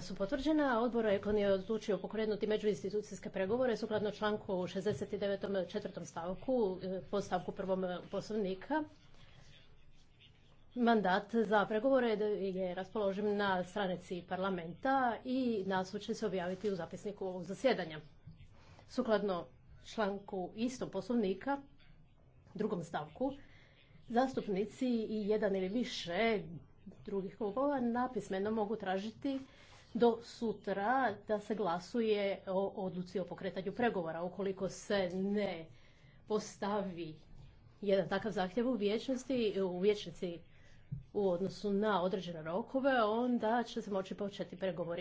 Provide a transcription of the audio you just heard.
su potvrđena, a odbor Ekon je odlučio pokrenuti međuinstitucijske pregovore sukladno članku 69. četvrtom stavku, e, postavku stavku prvom e, poslovnika. Mandat za pregovore je raspoložen na stranici parlamenta i nasu će se objaviti u zapisniku ovog zasjedanja. Sukladno članku istom poslovnika, drugom stavku, zastupnici i jedan ili više drugih klubova napismeno mogu tražiti do sutra da se glasuje o odluci o pokretanju pregovora. Ukoliko se ne postavi jedan takav zahtjev u vječnosti, u vječnici u odnosu na određene rokove, onda će se moći početi pregovori.